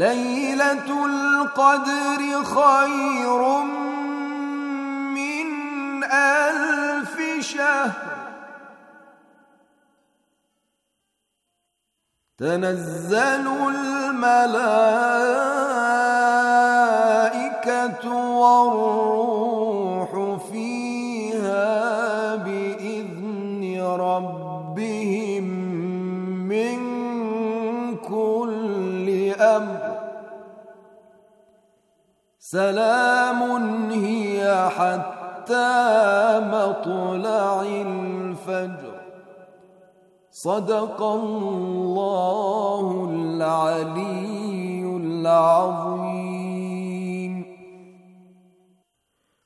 ليلة القدر خير من ألف شهر تنزل الملائكة والروح سلام هي حتى مطلع الفجر صدق الله العلي العظيم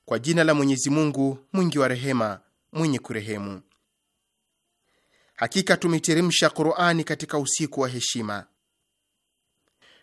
Kwa jina la Mwenyezi Mungu mwingi wa rehema mwenye kurehemu. Hakika tumeteremsha Qur'ani katika usiku wa heshima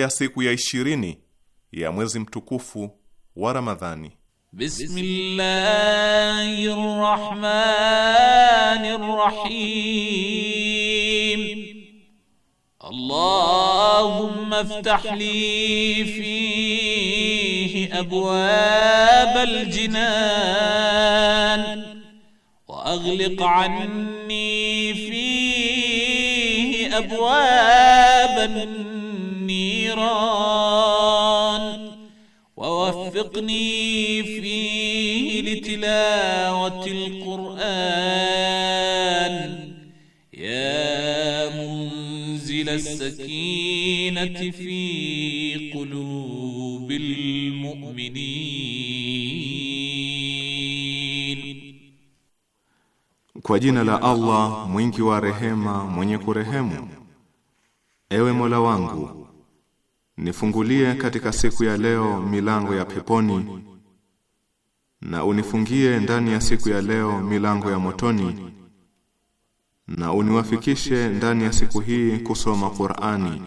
ya siku ya ishirini ya mwezi mtukufu wa Ramadhani. Bismillahirrahmanirrahim. Allahumma iftah li fihi abwab aljinan wa aghliq anni fihi abwab an الشيطان ووفقني فيه لتلاوة القرآن يا منزل السكينة في قلوب المؤمنين Kwa jina la Allah mwingi wa rehema mwenye kurehemu Ewe Mola wangu nifungulie katika siku ya leo milango ya peponi na unifungie ndani ya siku ya leo milango ya motoni na uniwafikishe ndani ya siku hii kusoma Qur'ani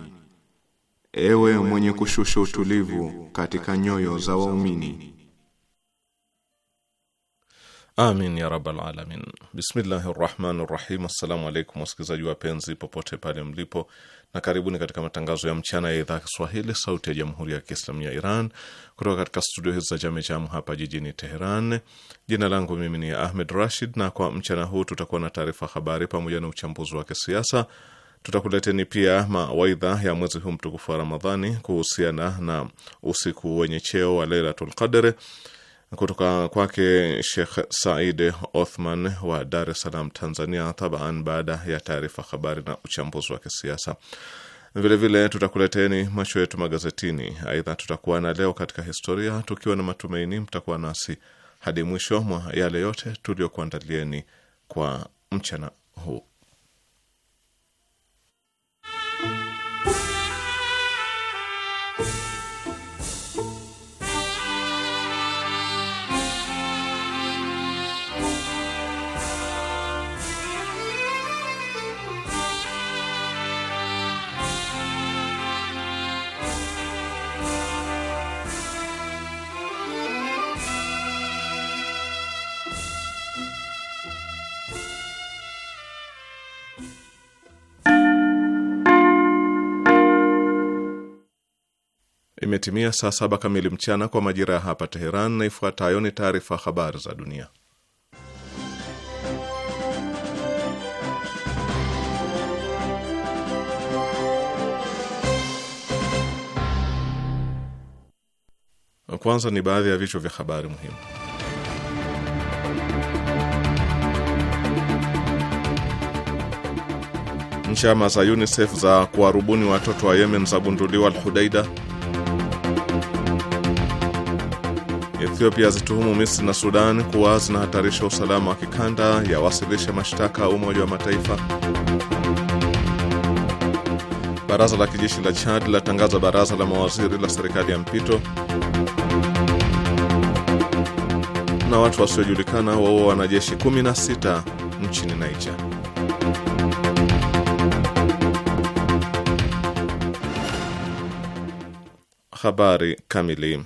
ewe mwenye kushusha utulivu katika nyoyo za waumini Amin ya rabbal alamin. Bismillahir rahmanir rahim. Assalamu alaykum wasikilizaji wapenzi popote pale mlipo na karibuni katika matangazo ya mchana ya idhaa Kiswahili sauti ya jamhuri ya Kiislamu ya Iran kutoka katika studio hizi za Jamejamu hapa jijini Teheran. Jina langu mimi ni Ahmed Rashid, na kwa mchana huu tutakuwa na taarifa habari pamoja na uchambuzi wa kisiasa. Tutakuleteni pia mawaidha ya mwezi huu mtukufu wa Ramadhani kuhusiana na usiku wenye cheo wa Lailatul Qadr kutoka kwake Shekh Said Othman wa Dar es Salaam, Tanzania, tabaan baada ya taarifa habari na uchambuzi wa kisiasa. Vilevile tutakuleteni macho yetu magazetini. Aidha, tutakuwa na leo katika historia, tukiwa na matumaini mtakuwa nasi hadi mwisho mwa yale yote tuliyokuandalieni kwa mchana huu. imetimia saa saba kamili mchana kwa majira ya hapa Teheran, na ifuatayo ni taarifa habari za dunia. Kwanza ni baadhi ya vichwa vya habari muhimu. Njama za UNICEF za kuwarubuni watoto wa Yemen zagunduliwa Alhudaida. Hudaida. Ethiopia zituhumu Misri na Sudan kuwa zinahatarisha usalama wa kikanda, yawasilisha mashtaka Umoja wa Mataifa. Baraza la kijeshi la Chad latangaza baraza la mawaziri la serikali ya mpito. Na watu wasiojulikana waua wanajeshi 16 nchini Niger. Habari kamili.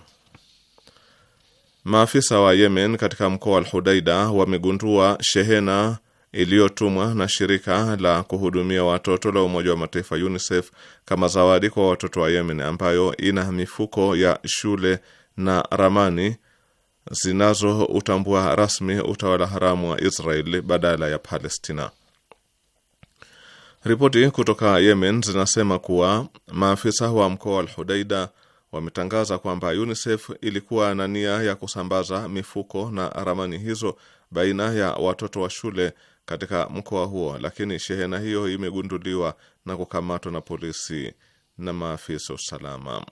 Maafisa wa Yemen katika mkoa wa Al-Hudaida wamegundua shehena iliyotumwa na shirika la kuhudumia watoto la Umoja wa Mataifa UNICEF kama zawadi kwa watoto wa Yemen ambayo ina mifuko ya shule na ramani zinazoutambua rasmi utawala haramu wa israel badala ya Palestina. Ripoti kutoka Yemen zinasema kuwa maafisa wa mkoa wa Al-Hudaida wametangaza kwamba UNICEF ilikuwa na nia ya kusambaza mifuko na ramani hizo baina ya watoto wa shule katika mkoa huo, lakini shehena hiyo imegunduliwa na kukamatwa na polisi na maafisa usalama.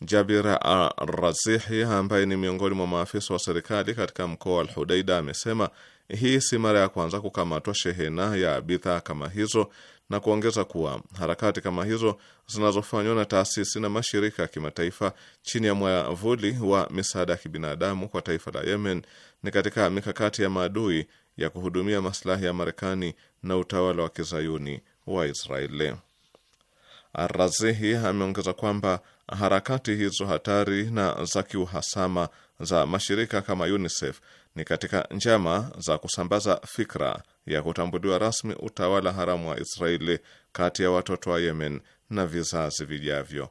Jabir Arrazihi ambaye ni miongoni mwa maafisa wa serikali katika mkoa wa Alhudaida amesema hii si mara ya kwanza kukamatwa shehena ya bidhaa kama hizo na kuongeza kuwa harakati kama hizo zinazofanywa na taasisi na mashirika ya kimataifa chini ya mwavuli wa misaada ya kibinadamu kwa taifa la Yemen ni katika mikakati ya maadui ya kuhudumia maslahi ya Marekani na utawala wa kizayuni wa Israeli. Arrazihi ameongeza kwamba harakati hizo hatari na za kiuhasama za mashirika kama UNICEF ni katika njama za kusambaza fikra ya kutambuliwa rasmi utawala haramu wa Israeli kati ya watoto wa Yemen na vizazi vijavyo.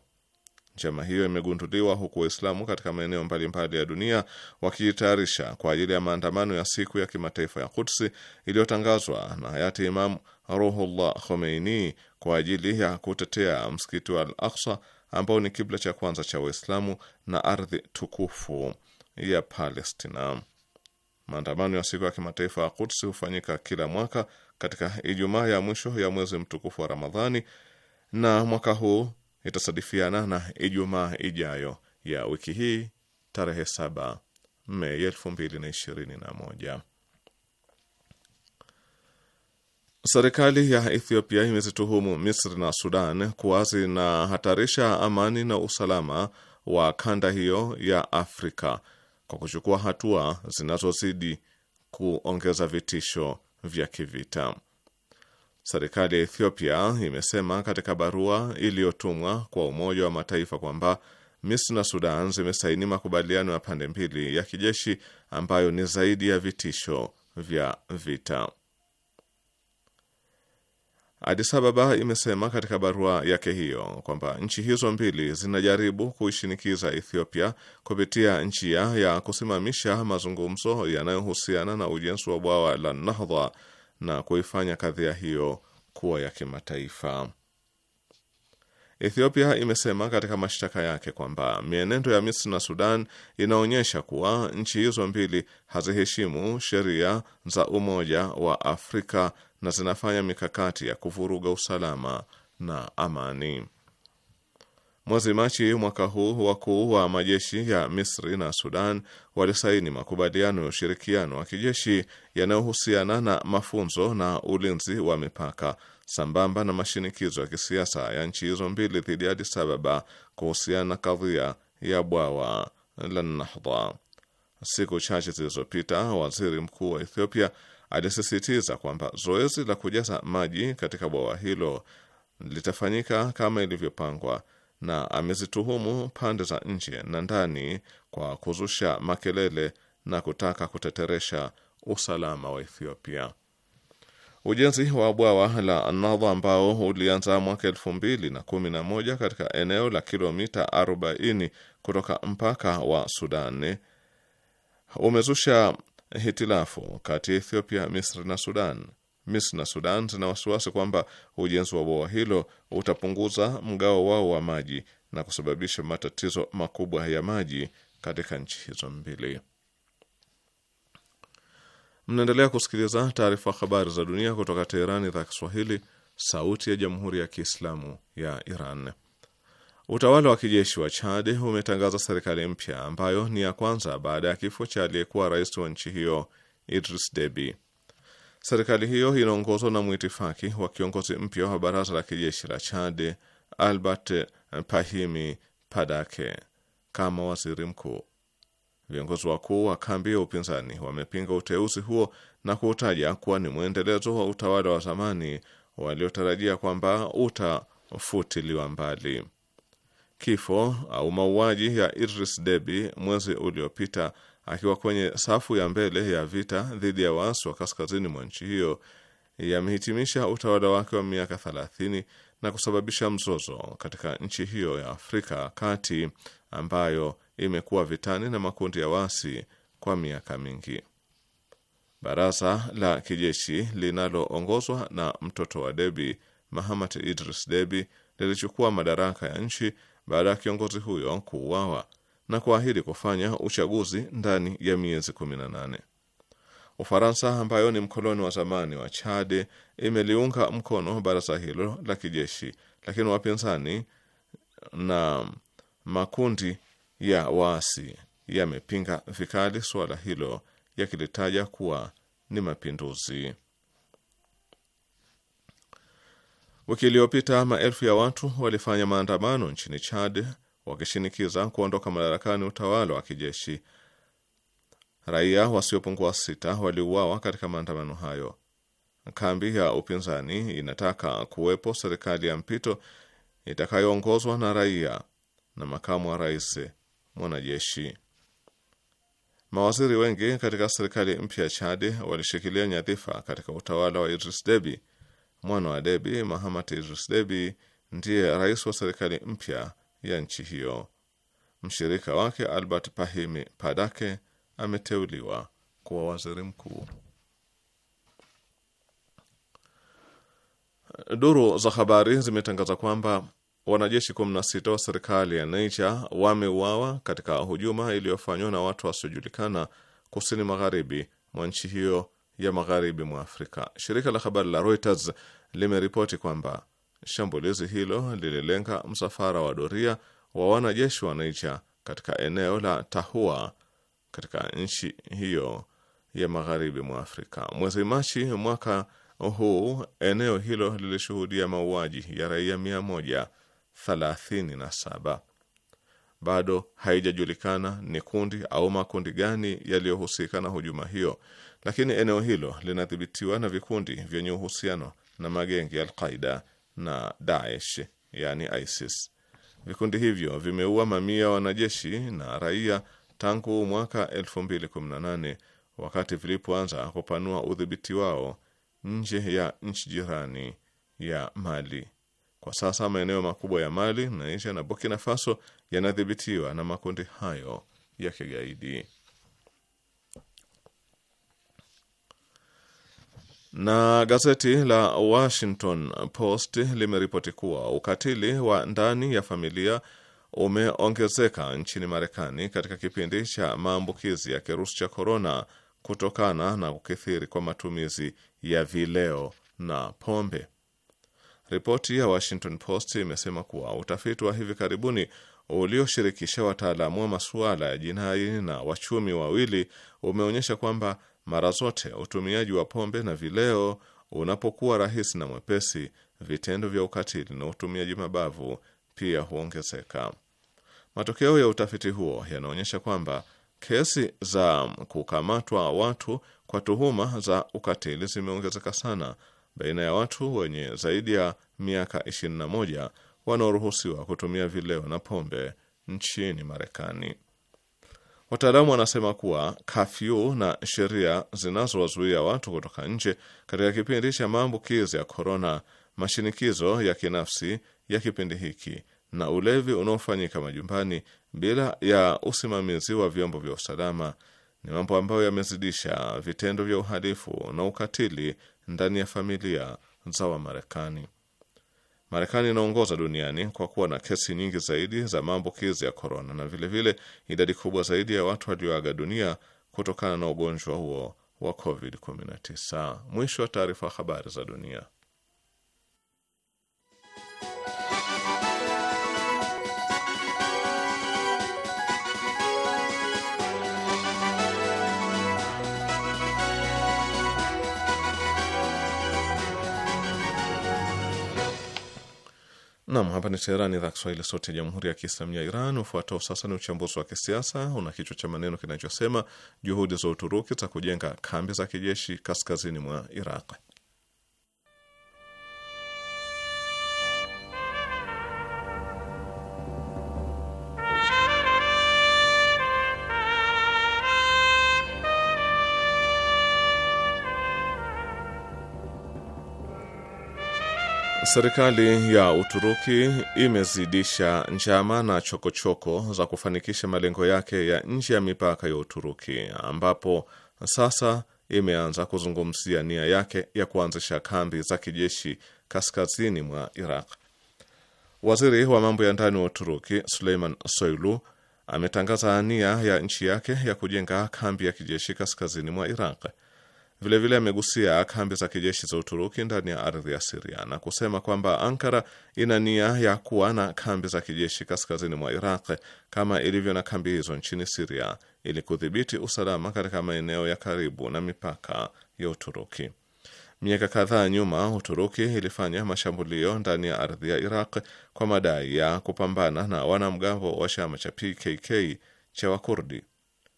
Njama hiyo imegunduliwa huku Waislamu katika maeneo mbalimbali ya dunia wakijitayarisha kwa ajili ya maandamano ya siku ya kimataifa ya Kudsi iliyotangazwa na hayati Imam Ruhullah Khomeini kwa ajili ya kutetea msikiti wa Al Aksa ambao ni kibla cha kwanza cha Waislamu na ardhi tukufu ya Palestina. Maandamano ya siku ya kimataifa ya Quds hufanyika kila mwaka katika Ijumaa ya mwisho ya mwezi mtukufu wa Ramadhani, na mwaka huu itasadifiana na Ijumaa ijayo ya wiki hii tarehe saba Mei elfu mbili na ishirini na moja. Serikali ya Ethiopia imezituhumu Misri na Sudan kuwa zinahatarisha amani na usalama wa kanda hiyo ya Afrika kwa kuchukua hatua zinazozidi kuongeza vitisho vya kivita. Serikali ya Ethiopia imesema katika barua iliyotumwa kwa Umoja wa Mataifa kwamba Misri na Sudan zimesaini makubaliano ya pande mbili ya kijeshi ambayo ni zaidi ya vitisho vya vita. Addis Ababa imesema katika barua yake hiyo kwamba nchi hizo mbili zinajaribu kuishinikiza Ethiopia kupitia njia ya kusimamisha mazungumzo yanayohusiana na ujenzi wa bwawa la Nahdha na kuifanya kadhia hiyo kuwa ya kimataifa. Ethiopia imesema katika mashtaka yake kwamba mienendo ya Misri na Sudan inaonyesha kuwa nchi hizo mbili haziheshimu sheria za Umoja wa Afrika na zinafanya mikakati ya kuvuruga usalama na amani. Mwezi Machi mwaka huu, wakuu wa majeshi ya Misri na Sudan walisaini makubaliano ya ushirikiano wa kijeshi yanayohusiana na mafunzo na ulinzi wa mipaka sambamba na mashinikizo ya kisiasa ya nchi hizo mbili dhidi ya Addis Ababa kuhusiana na kadhia ya bwawa la Nahda. Siku chache zilizopita, waziri mkuu wa Ethiopia Alisisitiza kwamba zoezi la kujaza maji katika bwawa hilo litafanyika kama ilivyopangwa, na amezituhumu pande za nje na ndani kwa kuzusha makelele na kutaka kuteteresha usalama wa Ethiopia. Ujenzi wa bwawa la Nadha ambao ulianza mwaka elfu mbili na kumi na moja katika eneo la kilomita 40 kutoka mpaka wa Sudani umezusha hitilafu kati ya Ethiopia, Misri na Sudan. Misri na Sudan zina wasiwasi kwamba ujenzi wa bwawa hilo utapunguza mgao wao wa maji na kusababisha matatizo makubwa ya maji katika nchi hizo mbili. Mnaendelea kusikiliza taarifa habari za dunia kutoka Teherani, idhaa ya Kiswahili, sauti ya jamhuri ya kiislamu ya Iran. Utawala wa kijeshi wa Chad umetangaza serikali mpya ambayo ni ya kwanza baada ya kifo cha aliyekuwa rais wa nchi hiyo Idris Deby. Serikali hiyo inaongozwa na mwitifaki wa kiongozi mpya wa baraza la kijeshi la Chad, Albert Pahimi Padake, kama waziri mkuu. Viongozi wakuu wa kambi ya upinzani wamepinga uteuzi huo na kuutaja kuwa ni mwendelezo wa utawala wa zamani waliotarajia kwamba utafutiliwa mbali kifo au mauaji ya Idris Deby mwezi uliopita akiwa kwenye safu ya mbele ya vita dhidi ya waasi wa kaskazini mwa nchi hiyo yamehitimisha utawala wake wa miaka 30 na kusababisha mzozo katika nchi hiyo ya Afrika kati ambayo imekuwa vitani na makundi ya waasi kwa miaka mingi. Baraza la kijeshi linaloongozwa na mtoto wa Deby Mahamat Idris Deby lilichukua madaraka ya nchi baada ya kiongozi huyo kuuawa na kuahidi kufanya uchaguzi ndani ya miezi 18. Ufaransa ambayo ni mkoloni wa zamani wa Chad imeliunga mkono baraza hilo la kijeshi, lakini wapinzani na makundi ya waasi yamepinga vikali suala hilo yakilitaja kuwa ni mapinduzi. Wiki iliyopita maelfu ya watu walifanya maandamano nchini Chad wakishinikiza kuondoka madarakani utawala wa kijeshi. Raia wasiopungua sita waliuawa katika maandamano hayo. Kambi ya upinzani inataka kuwepo serikali ya mpito itakayoongozwa na raia na makamu wa rais mwanajeshi. Mawaziri wengi katika serikali mpya ya Chad walishikilia nyadhifa katika utawala wa Idris Deby mwana wa Debi, Mahamat Idris Debi, ndiye rais wa serikali mpya ya nchi hiyo. Mshirika wake Albert Pahimi Padake ameteuliwa kuwa waziri mkuu. Duru za habari zimetangaza kwamba wanajeshi 16 wa serikali ya Niger wameuawa katika hujuma iliyofanywa na watu wasiojulikana kusini magharibi mwa nchi hiyo ya magharibi mwa Afrika. Shirika la habari la Reuters limeripoti kwamba shambulizi hilo lililenga msafara wa doria wa wanajeshi wa Niger katika eneo la Tahua katika nchi hiyo ya magharibi mwa Afrika. Mwezi Machi mwaka huu eneo hilo lilishuhudia mauaji ya raia 137. Bado haijajulikana ni kundi au makundi gani yaliyohusika na hujuma hiyo lakini eneo hilo linadhibitiwa na vikundi vyenye uhusiano na magengi ya Alqaida na Daesh, yani ISIS. Vikundi hivyo vimeua mamia ya wanajeshi na raia tangu mwaka 2018 wakati vilipoanza kupanua udhibiti wao nje ya nchi jirani ya Mali. Kwa sasa maeneo makubwa ya Mali, Niger na Burkina Faso yanadhibitiwa na makundi hayo ya kigaidi. Na gazeti la Washington Post limeripoti kuwa ukatili wa ndani ya familia umeongezeka nchini Marekani katika kipindi cha maambukizi ya kirusi cha korona kutokana na kukithiri kwa matumizi ya vileo na pombe. Ripoti ya Washington Post imesema kuwa utafiti wa hivi karibuni ulioshirikisha wataalamu wa masuala ya jinai na wachumi wawili umeonyesha kwamba mara zote utumiaji wa pombe na vileo unapokuwa rahisi na mwepesi, vitendo vya ukatili na utumiaji mabavu pia huongezeka. Matokeo ya utafiti huo yanaonyesha kwamba kesi za kukamatwa watu kwa tuhuma za ukatili zimeongezeka sana baina ya watu wenye zaidi ya miaka 21 wanaoruhusiwa kutumia vileo na pombe nchini Marekani. Wataalamu wanasema kuwa kafyu na sheria zinazowazuia watu kutoka nje katika kipindi cha maambukizi ya korona, mashinikizo ya kinafsi ya kipindi hiki na ulevi unaofanyika majumbani bila ya usimamizi wa vyombo vya usalama ni mambo ambayo yamezidisha vitendo vya uhalifu na ukatili ndani ya familia za Wamarekani. Marekani inaongoza duniani kwa kuwa na kesi nyingi zaidi za maambukizi ya korona na vilevile vile idadi kubwa zaidi ya watu walioaga dunia kutokana na ugonjwa huo wa COVID-19. Mwisho wa taarifa. Habari za dunia. Nam, hapa ni Teherani, idhaa Kiswahili, sauti ya jamhuri ya kiislamu ya Iran. Ufuatao sasa ni uchambuzi wa kisiasa una kichwa cha maneno kinachosema juhudi za Uturuki za kujenga kambi za kijeshi kaskazini mwa Iraq. Serikali ya Uturuki imezidisha njama na chokochoko -choko za kufanikisha malengo yake ya nje ya mipaka ya Uturuki ambapo sasa imeanza kuzungumzia nia yake ya kuanzisha kambi za kijeshi kaskazini mwa Iraq. Waziri wa mambo ya ndani wa Uturuki Suleiman Soylu ametangaza nia ya nchi yake ya kujenga kambi ya kijeshi kaskazini mwa Iraq. Vilevile amegusia kambi za kijeshi za Uturuki ndani ya ardhi ya Siria na kusema kwamba Ankara ina nia ya kuwa na kambi za kijeshi kaskazini mwa Iraq kama ilivyo na kambi hizo nchini Siria ili kudhibiti usalama katika maeneo ya karibu na mipaka ya Uturuki. Miaka kadhaa nyuma, Uturuki ilifanya mashambulio ndani ya ardhi ya Iraq kwa madai ya kupambana na wanamgambo wa chama cha PKK cha Wakurdi.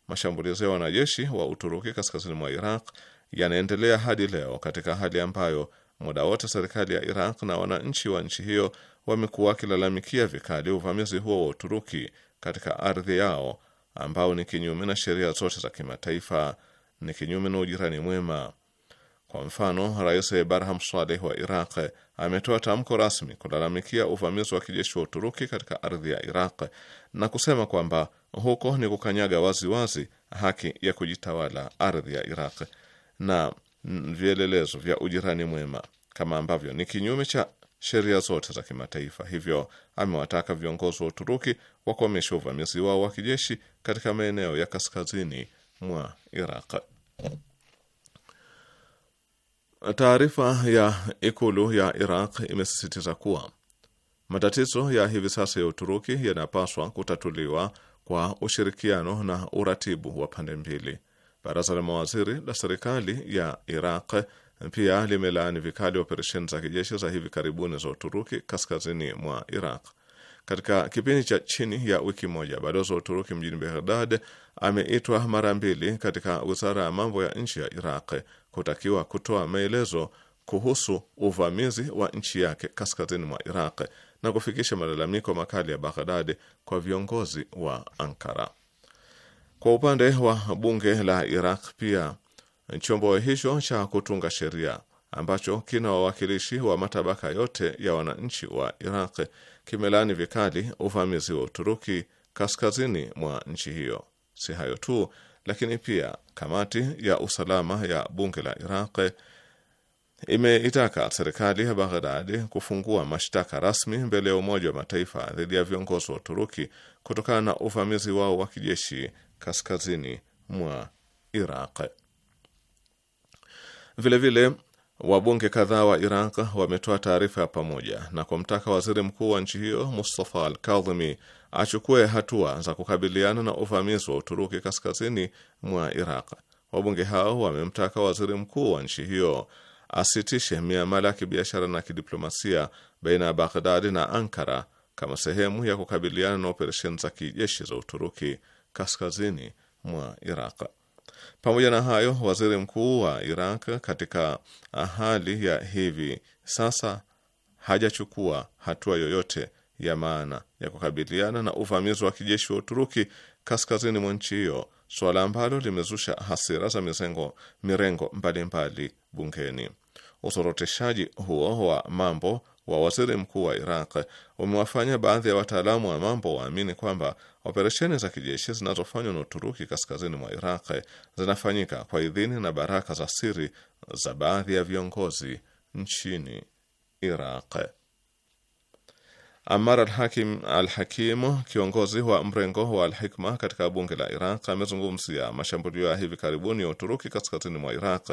mashambulizo ya wanajeshi wa Uturuki kaskazini mwa Iraq yanaendelea hadi leo katika hali ambayo muda wote serikali ya Iraq na wananchi wa nchi hiyo wamekuwa wakilalamikia vikali uvamizi huo wa Uturuki katika ardhi yao ambao ni kinyume na sheria zote za kimataifa, ni kinyume na ujirani mwema. Kwa mfano, Rais Barham Saleh wa Iraq ametoa tamko rasmi kulalamikia uvamizi wa kijeshi wa Uturuki katika ardhi ya Iraq na kusema kwamba huko ni kukanyaga waziwazi wazi haki ya kujitawala ardhi ya Iraq na vielelezo vya ujirani mwema kama ambavyo ni kinyume cha sheria zote za kimataifa. Hivyo amewataka viongozi wa Uturuki wakomeshe uvamizi wao wa kijeshi katika maeneo ya kaskazini mwa Iraq. Taarifa ya ikulu ya Iraq imesisitiza kuwa matatizo ya hivi sasa ya Uturuki yanapaswa kutatuliwa kwa ushirikiano na uratibu wa pande mbili. Baraza la mawaziri la serikali ya Iraq pia limelaani vikali operesheni za kijeshi za hivi karibuni za Uturuki kaskazini mwa Iraq. Katika kipindi cha chini ya wiki moja, balozi wa Uturuki mjini Baghdad ameitwa mara mbili katika wizara ya mambo ya nchi ya Iraq kutakiwa kutoa maelezo kuhusu uvamizi wa nchi yake kaskazini mwa Iraq na kufikisha malalamiko makali ya Baghdad kwa viongozi wa Ankara. Kwa upande wa bunge la Iraq pia chombo hicho cha kutunga sheria ambacho kina wawakilishi wa matabaka yote ya wananchi wa Iraq kimelaani vikali uvamizi wa Uturuki kaskazini mwa nchi hiyo. Si hayo tu, lakini pia kamati ya usalama ya bunge la Iraq imeitaka serikali ya Baghdad kufungua mashtaka rasmi mbele ya Umoja wa Mataifa dhidi ya viongozi wa Uturuki kutokana na uvamizi wao wa kijeshi kaskazini mwa Iraq. Vilevile, wabunge kadhaa wa Iraq wametoa taarifa ya pamoja na kumtaka waziri mkuu wa nchi hiyo Mustafa Al Kadhimi achukue hatua za kukabiliana na uvamizi wa Uturuki kaskazini mwa Iraq. Wabunge hao wamemtaka waziri mkuu wa nchi hiyo asitishe miamala ya kibiashara na kidiplomasia baina ya Baghdadi na Ankara kama sehemu ya kukabiliana na operesheni za kijeshi za Uturuki kaskazini mwa Iraq. Pamoja na hayo, waziri mkuu wa Iraq katika hali ya hivi sasa hajachukua hatua yoyote ya maana ya kukabiliana na uvamizi wa kijeshi wa Uturuki kaskazini mwa nchi hiyo, suala ambalo limezusha hasira za mizengo, mirengo mbalimbali mbali bungeni. Usoroteshaji huo wa mambo wa waziri mkuu wa Iraq umewafanya baadhi ya wataalamu wa mambo waamini kwamba operesheni za kijeshi zinazofanywa na Uturuki kaskazini mwa Iraq zinafanyika kwa idhini na baraka za siri za baadhi ya viongozi nchini Iraq. Amar al-Hakim al-Hakim, kiongozi wa mrengo wa al-Hikma katika bunge la Iraq, amezungumzia mashambulio ya hivi karibuni ya Uturuki kaskazini mwa Iraq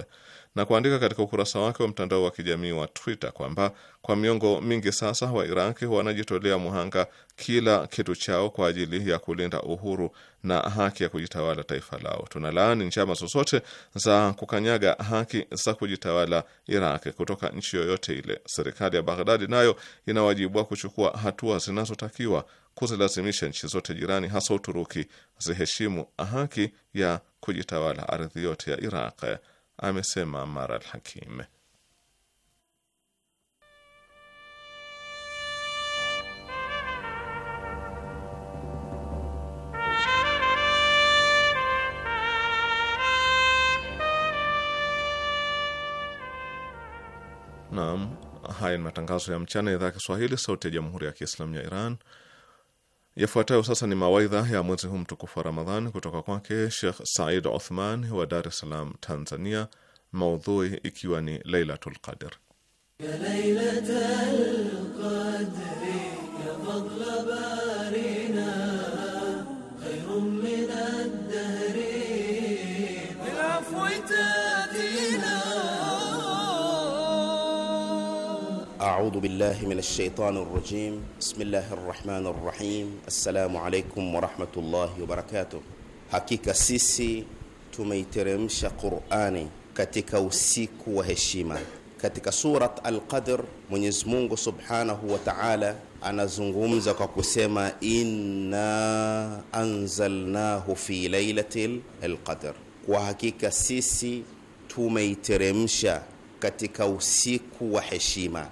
na kuandika katika ukurasa wake wa mtandao wa kijamii wa Twitter kwamba kwa miongo mingi sasa Wairaki wanajitolea muhanga kila kitu chao kwa ajili ya kulinda uhuru na haki ya kujitawala taifa lao. Tunalaani njama zozote za kukanyaga haki za kujitawala Iraq kutoka nchi yoyote ile. Serikali ya Baghdadi nayo ina wajibu wa kuchukua hatua zinazotakiwa kuzilazimisha nchi zote jirani, hasa Uturuki, ziheshimu haki ya kujitawala ardhi yote ya Iraq amesema Amar al Hakim. Naam, haya ni matangazo ya mchana, idhaa ya Kiswahili, sauti ya jamhuri ya kiislamu ya Iran. Yafuatayo sasa ni mawaidha ya mwezi huu mtukufu wa ramadhan kutoka kwake shekh Said uthman wa Dar es Salaam, Tanzania, maudhui ikiwa ni Lailatul Qadr. أعوذ بالله من الشيطان الرجيم بسم الله الرحمن الرحيم السلام عليكم ورحمة الله وبركاته حقيقة سيسي تميترمش قرآني كتك وسيك وهشيما كتك سورة القدر من يزمونه سبحانه وتعالى أنا زنغمزة كسيما إنا أنزلناه في ليلة القدر وحقيقة سيسي تميترمش كتك وسيك وهشيما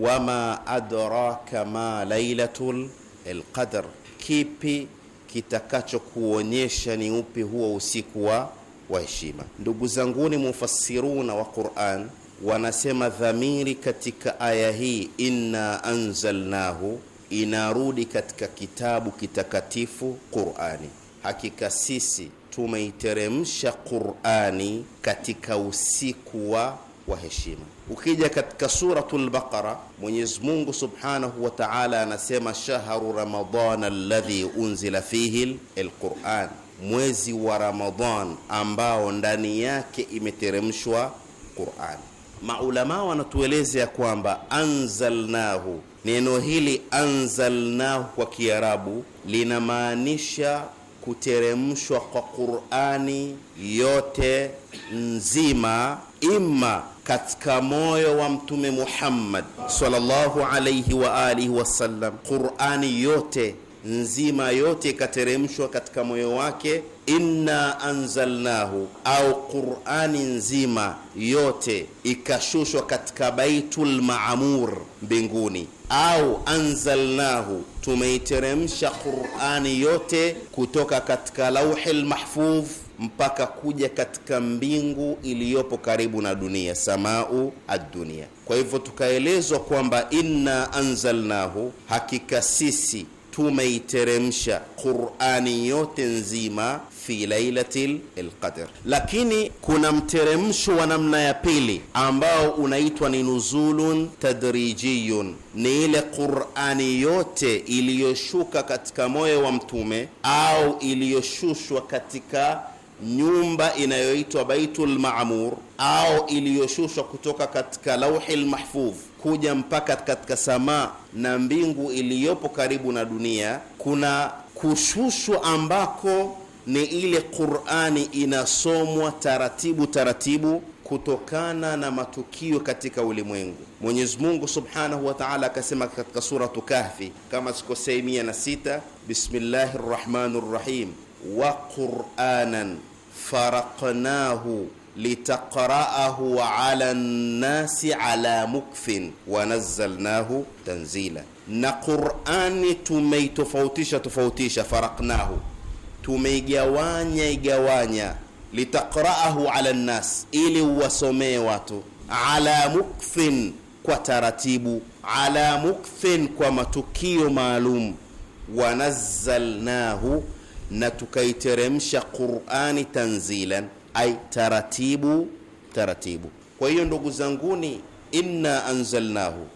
wama adraka ma lailatul lqadr kipi kitakachokuonyesha ni upi huo usiku wa wa heshima. Ndugu zanguni, mufassiruna wa Quran wanasema dhamiri katika aya hii inna anzalnahu inarudi katika kitabu kitakatifu Qurani. Hakika sisi tumeiteremsha Qurani katika usiku wa wa heshima. Ukija katika suratu lbaqara, Mwenyezi Mungu Subhanahu wa Ta'ala anasema shahru ramadan alladhi unzila fihi lquran mwezi wa ramadan ambao ndani yake imeteremshwa Qur'an. Maulama wanatueleza ya kwamba anzalnahu, neno hili anzalnahu kwa Kiarabu linamaanisha kuteremshwa kwa Qur'ani yote nzima, ima katika moyo wa Mtume Muhammad sallallahu alayhi wa alihi wasallam. Qurani yote nzima yote ikateremshwa katika moyo wake. Inna anzalnahu au Qurani nzima yote ikashushwa katika Baitul Maamur mbinguni, au anzalnahu, tumeiteremsha Qurani yote kutoka katika Lauhil Mahfudh mpaka kuja katika mbingu iliyopo karibu na dunia, samau addunia Kwa hivyo tukaelezwa kwamba inna anzalnahu, hakika sisi tumeiteremsha Qur'ani yote nzima fi lailati lqadr Lakini kuna mteremsho wa namna ya pili ambao unaitwa ni nuzulun tadrijiyun, ni ile Qur'ani yote iliyoshuka katika moyo wa mtume au iliyoshushwa katika nyumba inayoitwa Baitul Maamur au iliyoshushwa kutoka katika lauhi lmahfudh kuja mpaka katika samaa na mbingu iliyopo karibu na dunia, kuna kushushwa ambako ni ile Qur'ani inasomwa taratibu taratibu kutokana na matukio katika ulimwengu. Mwenyezi Mungu Subhanahu wa Ta'ala akasema katika suratu Kahfi, kama sikosei, 6 na sita, rrahim wa quranan faraqnahu litaqra'ahu ala nnasi ala mukfin wa tanzila, na Qur'ani tumeitofautisha tofautisha, faraqnahu, tumeigawanya igawanya, litaqra'ahu ala nnas, ili uwasomee watu, ala mukfin, kwa taratibu, ala mukfin, kwa matukio maalum, wa na tukaiteremsha Qur'ani tanzilan, ai taratibu taratibu. Kwa hiyo ndugu zanguni, inna anzalnahu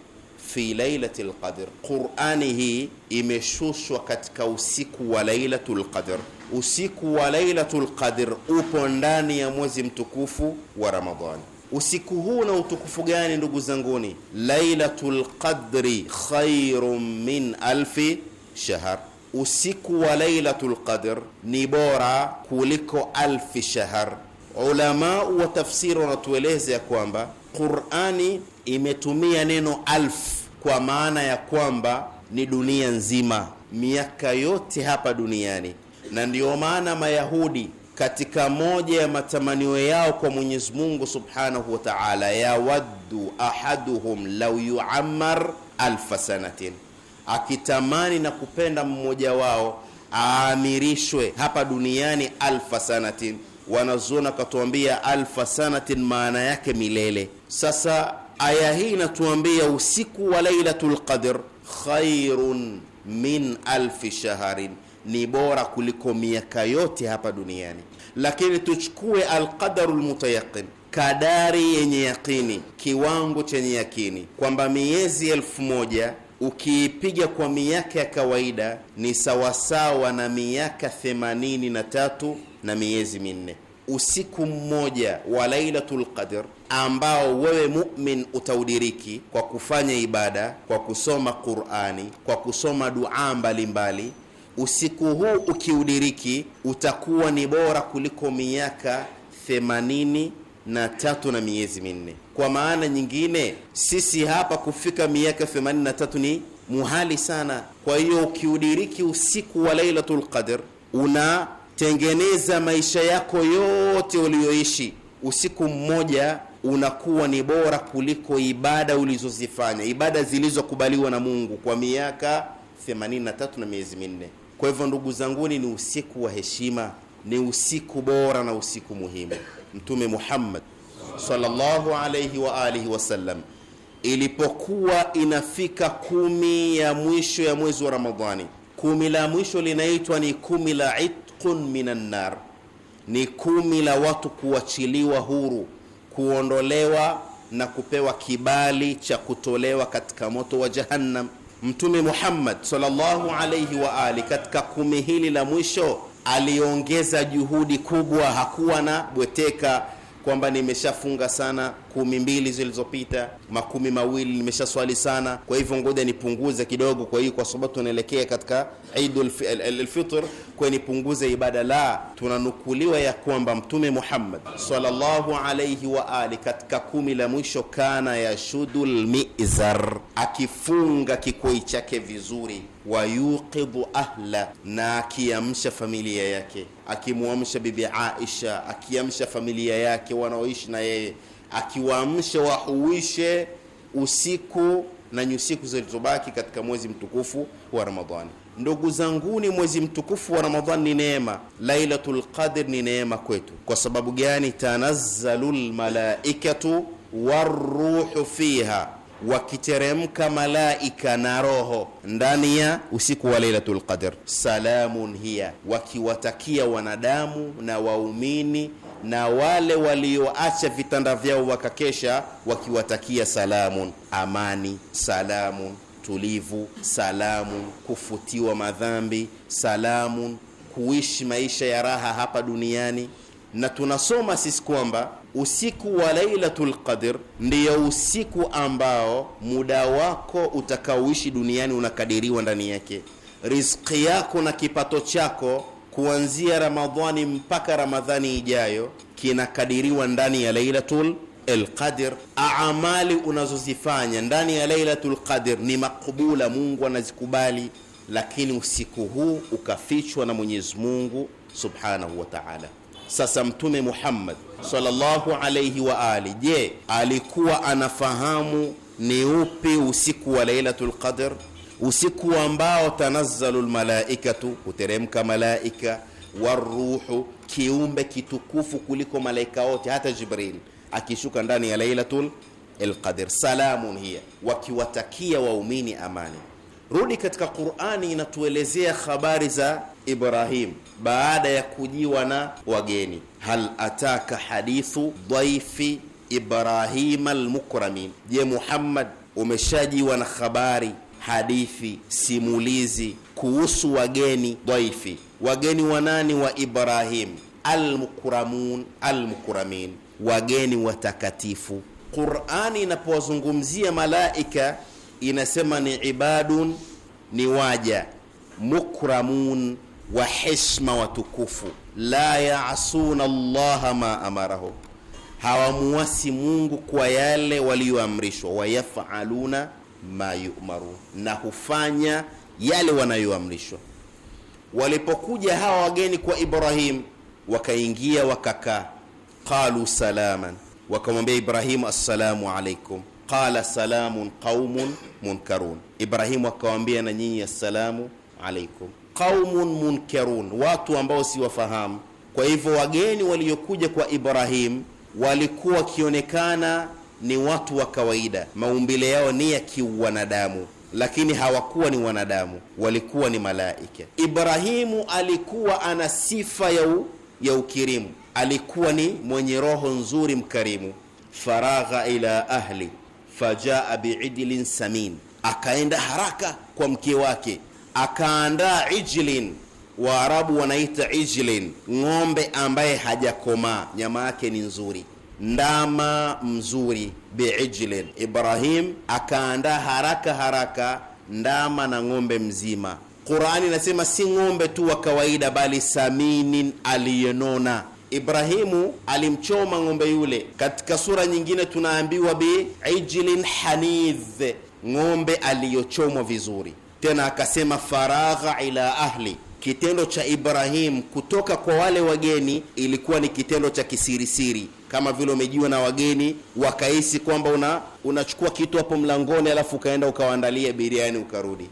fi lailatul qadr, Qur'ani hii imeshushwa katika usiku wa lailatul qadr. Usiku wa lailatul qadr upo ndani ya mwezi mtukufu wa Ramadhani. Usiku huu na utukufu gani ndugu zanguni? Lailatul qadri khairun min alfi shahr usiku wa Lailatul Qadr ni bora kuliko alfi shahr. Ulama wa tafsiri wanatueleza ya kwamba Qur'ani imetumia neno alf kwa maana ya kwamba ni dunia nzima, miaka yote hapa duniani, na ndiyo maana Mayahudi katika moja ya matamanio yao kwa Mwenyezi Mungu Subhanahu wa Ta'ala, yawaddu ahaduhum law yu'ammar alfa sanatin akitamani na kupenda mmoja wao aamirishwe hapa duniani alfa sanatin. Wanazuona akatuambia alfa sanatin, maana yake milele. Sasa aya hii inatuambia usiku wa lailatu lqadr khairun min alfi shaharin, ni bora kuliko miaka yote hapa duniani. Lakini tuchukue alqadaru lmutayaqin, kadari yenye yaqini, kiwango chenye yakini, kwamba miezi elfu moja ukiipiga kwa miaka ya kawaida ni sawasawa na miaka themanini na tatu na miezi minne. Usiku mmoja wa Lailatul Qadr ambao wewe mumin utaudiriki kwa kufanya ibada, kwa kusoma Qur'ani, kwa kusoma duaa mbalimbali. Usiku huu ukiudiriki utakuwa ni bora kuliko miaka themanini na tatu na miezi minne. Kwa maana nyingine, sisi hapa kufika miaka 83 ni muhali sana. Kwa hiyo ukiudiriki usiku wa Lailatul Qadr unatengeneza maisha yako yote uliyoishi. Usiku mmoja unakuwa ni bora kuliko ibada ulizozifanya, ibada zilizokubaliwa na Mungu kwa miaka 83 na miezi minne. Kwa hivyo, ndugu zanguni, ni usiku wa heshima, ni usiku bora na usiku muhimu. Mtume Muhammad sallallahu alayhi wa alihi wasallam ilipokuwa inafika kumi ya mwisho ya mwezi wa Ramadhani, kumi la mwisho linaitwa ni kumi la itqun minan nar, ni kumi la watu kuachiliwa huru, kuondolewa na kupewa kibali cha kutolewa katika moto wa Jahannam. Mtume Muhammad sallallahu alayhi wa ali katika kumi hili la mwisho aliongeza juhudi kubwa, hakuwa na bweteka kwamba nimeshafunga sana kumi mbili zilizopita, makumi mawili nimeshaswali sana, kwa hivyo ngoja nipunguze kidogo. Kwa hiyo kwa sababu tunaelekea katika id lfitr kwa nipunguze ibada. La, tunanukuliwa ya kwamba Mtume Muhammad salllahu alaihi wa ali katika kumi la mwisho, kana yashudul lmizar akifunga kikoi chake vizuri wa yuqidhu ahla, na akiamsha familia yake, akimwamsha Bibi Aisha, akiamsha familia yake wanaoishi na yeye, akiwaamsha wahuishe usiku na nyusiku zilizobaki katika mwezi mtukufu wa Ramadhani. Ndugu zanguni, mwezi mtukufu wa Ramadhani ni neema. Lailatul Qadr ni neema kwetu. Kwa sababu gani? Tanazzalul lmalaikatu waruhu fiha wakiteremka malaika na roho ndani ya usiku wa Lailatul Qadr, salamun hiya, wakiwatakia wanadamu na waumini na wale walioacha vitanda vyao wakakesha, wakiwatakia salamun, amani, salamun, tulivu, salamun, kufutiwa madhambi, salamun, kuishi maisha ya raha hapa duniani. Na tunasoma sisi kwamba usiku wa Lailatul Qadr ndiyo usiku ambao muda wako utakaoishi duniani unakadiriwa ndani yake. Riziki yako na kipato chako kuanzia Ramadhani mpaka Ramadhani ijayo kinakadiriwa ndani ya Lailatul lqadr Amali unazozifanya ndani ya Lailatul Qadr ni makubula, Mungu anazikubali, lakini usiku huu ukafichwa na Mwenyezi Mungu Subhanahu wa Ta'ala. Sasa Mtume Muhammad sallallahu alayhi wa ali, je, alikuwa anafahamu ni upi usiku wa Lailatul Qadr, usiku ambao tanazzalu lmalaikatu, huteremka malaika waruhu, kiumbe kitukufu kuliko malaika wote, hata Jibril akishuka ndani ya Lailatul lqadr Salamun hiya, wakiwatakia waumini amani. Rudi katika Qur'ani, inatuelezea habari za Ibrahim baada ya kujiwa na wageni. Hal ataka hadithu dhaifi Ibrahima almukramin, je, Muhammad umeshajiwa na habari, hadithi, simulizi kuhusu wageni dhaifi, wageni wanani wa Ibrahim almukramun, almukramin, wageni watakatifu. Qurani inapowazungumzia malaika inasema ni ibadun, ni waja mukramun wa hisma watukufu, la yaasuna llaha ma amarahu, hawamuasi Mungu kwa yale waliyoamrishwa, wayafaluna ma yumaru, na hufanya yale wanayoamrishwa. Walipokuja hawa wageni kwa Ibrahim, wakaingia wakakaa, qalu salaman, wakamwambia Ibrahimu assalamu alaikum qala salamun qaumun munkarun. Ibrahimu akawambia na nyinyi assalamu alaikum qaumun munkarun, watu ambao siwafahamu. Kwa hivyo wageni waliokuja kwa Ibrahim walikuwa wakionekana ni watu wa kawaida, maumbile yao ni ya kiwanadamu, lakini hawakuwa ni wanadamu, walikuwa ni malaika. Ibrahimu alikuwa ana sifa ya, u, ya ukirimu, alikuwa ni mwenye roho nzuri, mkarimu. faragha ila ahli fajaa biidlin samin, akaenda haraka kwa mke wake akaandaa ijlin, Waarabu wanaita ijlin, ng'ombe ambaye hajakomaa, nyama yake ni nzuri, ndama mzuri, biijlin. Ibrahim akaandaa haraka haraka ndama na ng'ombe mzima. Qurani inasema si ng'ombe tu wa kawaida, bali saminin, aliyenona. Ibrahimu alimchoma ng'ombe yule. Katika sura nyingine tunaambiwa biijlin hanidh, ng'ombe aliyochomwa vizuri. Tena akasema faragha ila ahli. Kitendo cha Ibrahim kutoka kwa wale wageni ilikuwa ni kitendo cha kisirisiri, kama vile umejiwa na wageni wakahisi kwamba una unachukua kitu hapo mlangoni, alafu ukaenda ukawaandalia biriani ukarudi.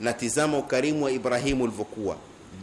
Na tizama ukarimu wa Ibrahimu ulivyokuwa.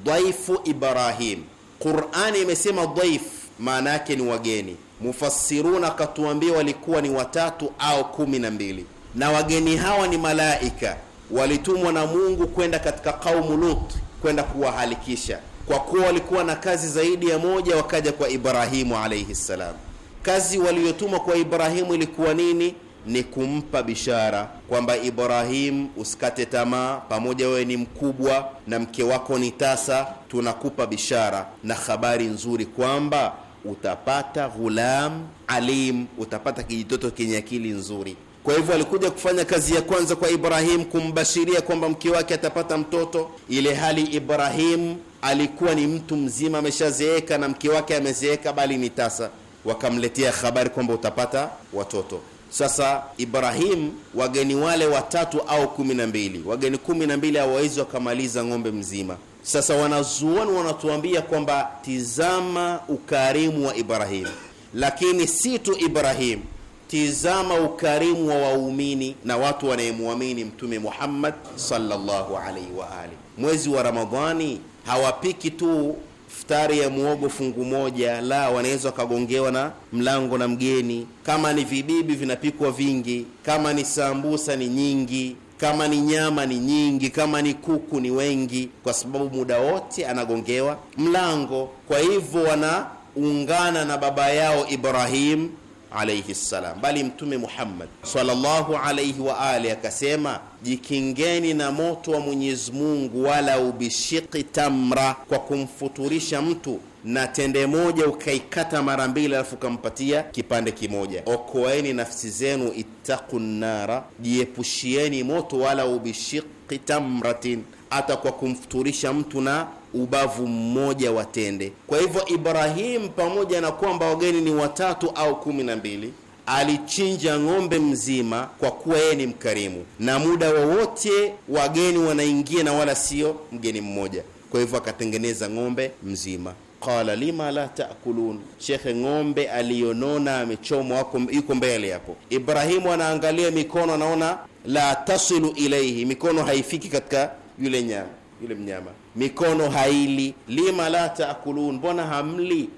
Dhaifu Ibrahim, Qurani imesema dhaif maana yake ni wageni. Mufassiruna akatuambia walikuwa ni watatu au kumi na mbili, na wageni hawa ni malaika walitumwa na Mungu kwenda katika kaumu Lut kwenda kuwahalikisha. Kwa kuwa walikuwa na kazi zaidi ya moja, wakaja kwa Ibrahimu alaihi ssalam. Kazi waliyotumwa kwa Ibrahimu ilikuwa nini? Ni kumpa bishara kwamba Ibrahimu, usikate tamaa, pamoja wewe ni mkubwa na mke wako ni tasa, tunakupa bishara na habari nzuri kwamba utapata ghulam alim, utapata kijitoto chenye akili nzuri. Kwa hivyo alikuja kufanya kazi ya kwanza kwa Ibrahim kumbashiria kwamba mke wake atapata mtoto, ile hali Ibrahim alikuwa ni mtu mzima ameshazeeka na mke wake amezeeka, bali ni tasa. Wakamletea habari kwamba utapata watoto. Sasa Ibrahim, wageni wale watatu au kumi na mbili, wageni kumi na mbili hawawezi wakamaliza ng'ombe mzima. Sasa wanazuoni wanatuambia kwamba tizama ukarimu wa Ibrahim, lakini si tu Ibrahim Tizama ukarimu wa waumini na watu wanayemwamini Mtume Muhammad sallallahu alaihi wa ali. Mwezi wa Ramadhani hawapiki tu ftari ya muogo fungu moja, la, wanaweza wakagongewa na mlango na mgeni. Kama ni vibibi vinapikwa vingi, kama ni sambusa ni nyingi, kama ni nyama ni nyingi, kama ni kuku ni wengi, kwa sababu muda wote anagongewa mlango. Kwa hivyo wanaungana na baba yao Ibrahim alaihi salam, bali Mtume Muhammad sallallahu alaihi wa alihi akasema, jikingeni na moto wa Mwenyezi Mungu, wala ubishiki tamra, kwa kumfuturisha mtu na tende moja ukaikata mara mbili, alafu ukampatia kipande kimoja. Okoeni nafsi zenu, ittaqu nnara, jiepushieni moto, wala ubishiki tamratin, hata kwa kumfuturisha mtu na ubavu mmoja watende. Kwa hivyo Ibrahim, pamoja na kwamba wageni ni watatu au kumi na mbili, alichinja ng'ombe mzima kwa kuwa yeye ni mkarimu, na muda wowote wa wageni wanaingia na wala sio mgeni mmoja. Kwa hivyo akatengeneza ng'ombe mzima. Qala lima la taakulun, shekhe, ng'ombe aliyonona amechomwa yuko mbele hapo. Ibrahimu anaangalia mikono, anaona la tasilu ilaihi, mikono haifiki katika yule nyama, yule mnyama mikono haili, lima la taakulun, mbona hamli?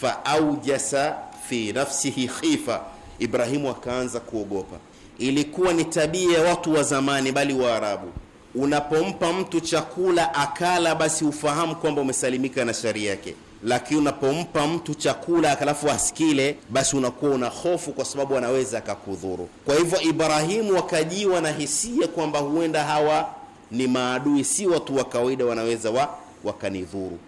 Fa aujasa fi nafsihi khifa, Ibrahimu akaanza kuogopa. Ilikuwa ni tabia ya watu wa zamani, bali Waarabu, unapompa mtu chakula akala, basi ufahamu kwamba umesalimika na sharia yake lakini unapompa mtu chakula akalafu asikile, basi unakuwa una hofu, kwa sababu anaweza akakudhuru. Kwa hivyo Ibrahimu wakajiwa na hisia kwamba huenda hawa ni maadui, si watu wa kawaida, wanaweza wa wakanidhuru.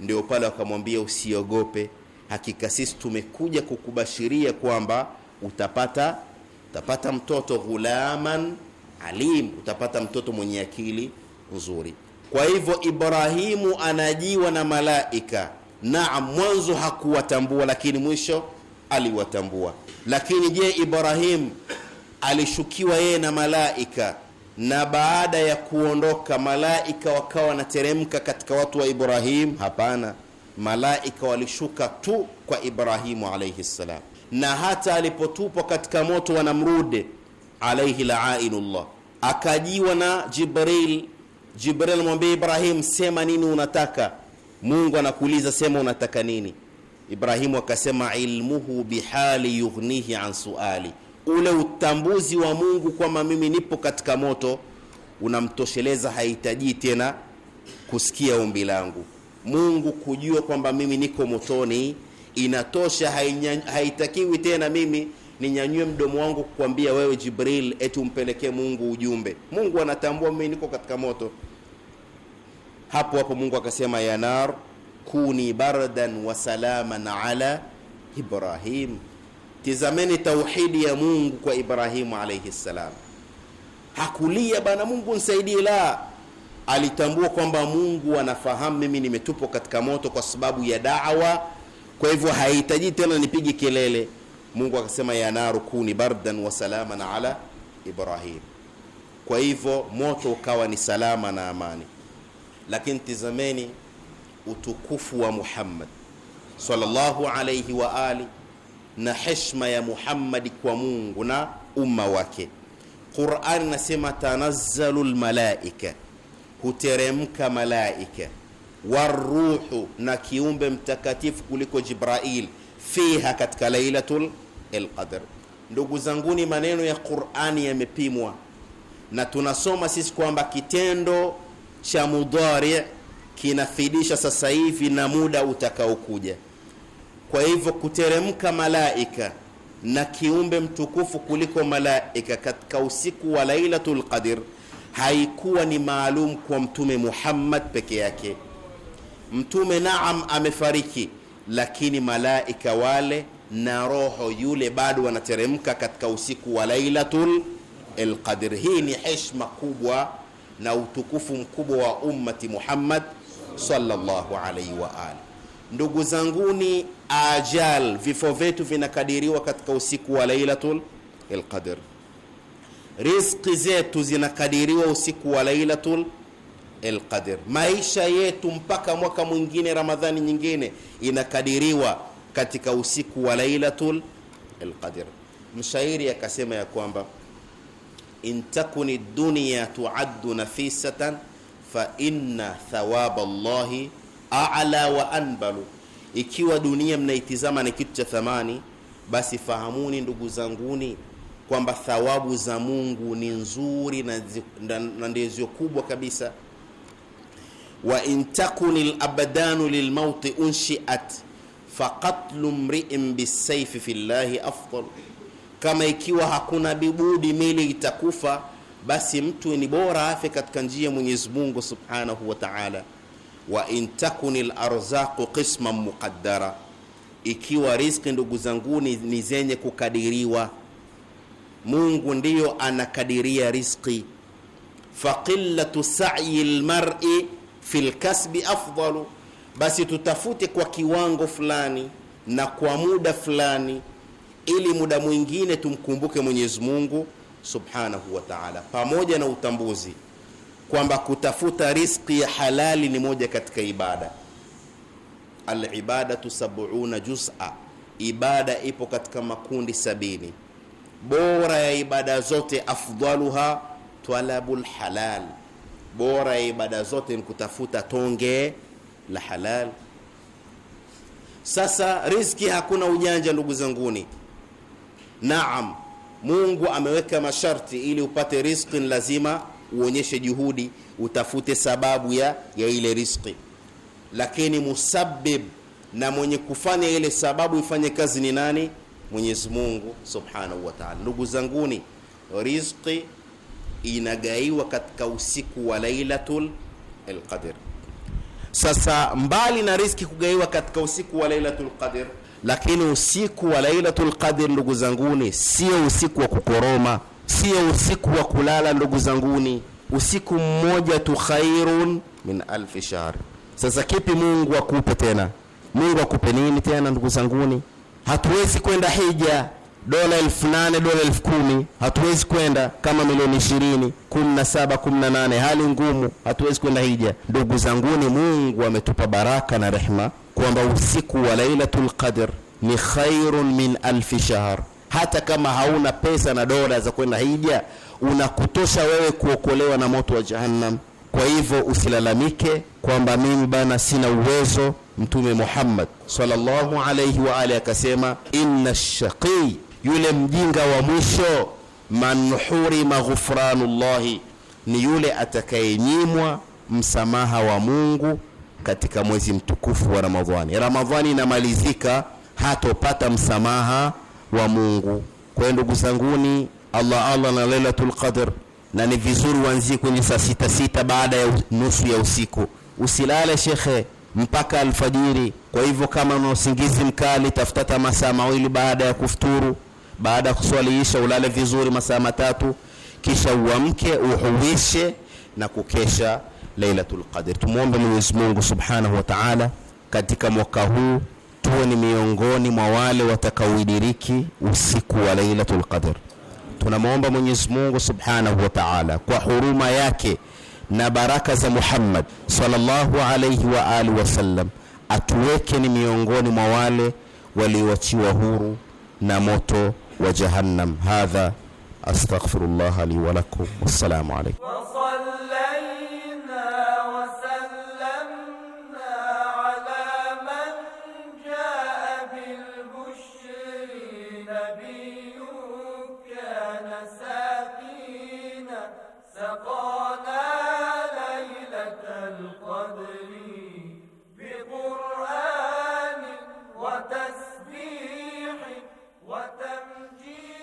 Ndio pale wakamwambia usiogope, hakika sisi tumekuja kukubashiria kwamba utapata utapata mtoto ghulaman alim, utapata mtoto mwenye akili nzuri. Kwa hivyo Ibrahimu anajiwa na malaika. Naam, mwanzo hakuwatambua, lakini mwisho aliwatambua. Lakini je, Ibrahim alishukiwa yeye na malaika na baada ya kuondoka malaika wakawa wanateremka katika watu wa Ibrahim? Hapana, malaika walishuka tu kwa Ibrahimu alayhi salam, na hata alipotupwa katika moto wanamrude alaihi alayhi la'inullah, akajiwa na Jibril. Jibril amwambia Ibrahim, sema nini unataka? Mungu anakuuliza sema unataka nini? Ibrahimu akasema ilmuhu bihali yughnihi an suali ule utambuzi wa Mungu kwamba mimi nipo katika moto unamtosheleza, hahitaji tena kusikia ombi langu. Mungu kujua kwamba mimi niko motoni inatosha, haitakiwi tena mimi ninyanyue mdomo wangu kukwambia wewe Jibril, eti umpelekee Mungu ujumbe. Mungu anatambua mimi niko katika moto. Hapo hapo Mungu akasema, ya nar kuni bardan wa salaman ala Ibrahim Tizameni tauhidi ya Mungu kwa Ibrahimu alayhi salam. Hakulia bana, Mungu nisaidie, la, alitambua kwamba Mungu anafahamu mimi nimetupwa katika moto kwa sababu ya da'wa, kwa hivyo haihitaji tena nipige kelele. Mungu akasema ya naru kuni bardan wa ala Ibrahim. Kwa hivyo moto ukawa ni salama na amani. Lakini tizameni utukufu wa Muhammad sallallahu alayhi wa ali na heshma ya Muhammadi kwa Mungu na umma wake. Qurani nasema tanazzalu lmalaika, huteremka malaika, waruhu, na kiumbe mtakatifu kuliko Jibrail, fiha, katika lailatul lqadr Ndugu zanguni, maneno ya Qurani yamepimwa na tunasoma sisi kwamba kitendo cha mudhari kinafidisha sasa hivi na muda utakaokuja. Kwa hivyo kuteremka malaika na kiumbe mtukufu kuliko malaika katika usiku wa Lailatul Qadr haikuwa ni maalum kwa Mtume Muhammad peke yake. Mtume naam, amefariki, lakini malaika wale na roho yule bado wanateremka katika usiku wa Lailatul Qadr. Hii ni heshima kubwa na utukufu mkubwa wa ummati Muhammad sallallahu alaihi wa ali ndugu zanguni, ajal, vifo vyetu vinakadiriwa katika usiku wa Lailatul Qadr. Riziki zetu zinakadiriwa usiku wa Lailatul Qadr. Maisha yetu mpaka mwaka mwingine, Ramadhani nyingine, inakadiriwa katika usiku wa Lailatul Qadr. Mshairi akasema ya, ya kwamba intakuni dunya tuaddu nafisatan fa inna thawaba Allahi aala wa anbalu. Ikiwa dunia mnaitizama ni kitu cha thamani, basi fahamuni ndugu zanguni kwamba thawabu za Mungu ni nzuri na ndizo kubwa kabisa. wa in labdanu lilmauti unshiat fakatlu mriin bisaifi fi llahi afdal, kama ikiwa hakuna bibudi mili itakufa, basi mtu ni bora afe katika njia ya Mwenyezi Mungu subhanahu wa taala wa intakuni larzaqu qisman muqaddara, ikiwa riziki ndugu zangu ni zenye kukadiriwa, Mungu ndiyo anakadiria riziki. Faqillatu sa'yi lmari fi lkasbi afdalu, basi tutafute kwa kiwango fulani na kwa muda fulani, ili muda mwingine tumkumbuke Mwenyezi Mungu subhanahu wa ta'ala, pamoja na utambuzi kwamba kutafuta riski ya halali ni moja katika ibada. Alibadatu sabuuna jusa ibada ipo katika makundi sabini. Bora ya ibada zote afdaluha talabu lhalal bora ya ibada zote ni kutafuta tonge la halal. Sasa riski hakuna ujanja, ndugu zanguni. Naam, Mungu ameweka masharti ili upate ni lazima uonyeshe juhudi, utafute sababu ya, ya ile riski Lakini musabbib na mwenye kufanya ile sababu ifanye kazi ni nani? Mwenyezi Mungu subhanahu wa taala. Ndugu zanguni, riski inagaiwa katika usiku wa Lailatul Qadr. Sasa mbali na riski kugaiwa katika usiku wa Lailatul Qadr, lakini usiku wa Lailatul Qadr, ndugu zanguni, sio usiku wa kukoroma Sio usiku wa kulala, ndugu zanguni, usiku mmoja tu khairun min alfi shahr. Sasa kipi Mungu akupe tena? Mungu akupe nini tena, ndugu zanguni? Hatuwezi kwenda hija dola elfu nane dola elfu kumi hatuwezi kwenda kama milioni ishirini kumi na saba kumi na nane hali ngumu, hatuwezi kwenda hija. Ndugu zanguni, Mungu ametupa baraka na rehma kwamba usiku wa Lailatul Qadr ni khairun min alfi shahr hata kama hauna pesa na dola za kwenda hija, unakutosha wewe kuokolewa na moto wa Jahannam. Kwa hivyo usilalamike kwamba mimi bana sina uwezo. Mtume Muhammad sallallahu alayhi wa alihi akasema, inna shaqi, yule mjinga wa mwisho, man hurima ghufranullahi, ni yule atakayenyimwa msamaha wa Mungu katika mwezi mtukufu wa Ramadhani. Ramadhani inamalizika, hatopata msamaha wa Mungu. Kwa ndugu zanguni, Allah Allah na Lailatul Qadr, na ni vizuri uanzie kwenye saa sita sita baada ya nusu ya usiku, usilale shekhe mpaka alfajiri. Kwa hivyo kama una usingizi mkali, tafuta masaa mawili baada ya kufuturu, baada ya kuswali isha ulale vizuri masaa matatu, kisha uamke uhuishe na kukesha Lailatul Qadr. Tumuombe Mwenyezi Mungu Subhanahu wa Ta'ala katika mwaka huu tuwe ni miongoni mwa wale watakaoidiriki usiku wa Lailatul Qadr. Tunamwomba Mwenyezi Mungu Subhanahu wa Ta'ala kwa huruma yake na baraka za Muhammad sallallahu alayhi wa alihi wasallam atuweke ni miongoni mwa wale walioachiwa huru na moto wa Jahannam. Hadha astaghfirullah li wa lakum. Wassalamu alaykum.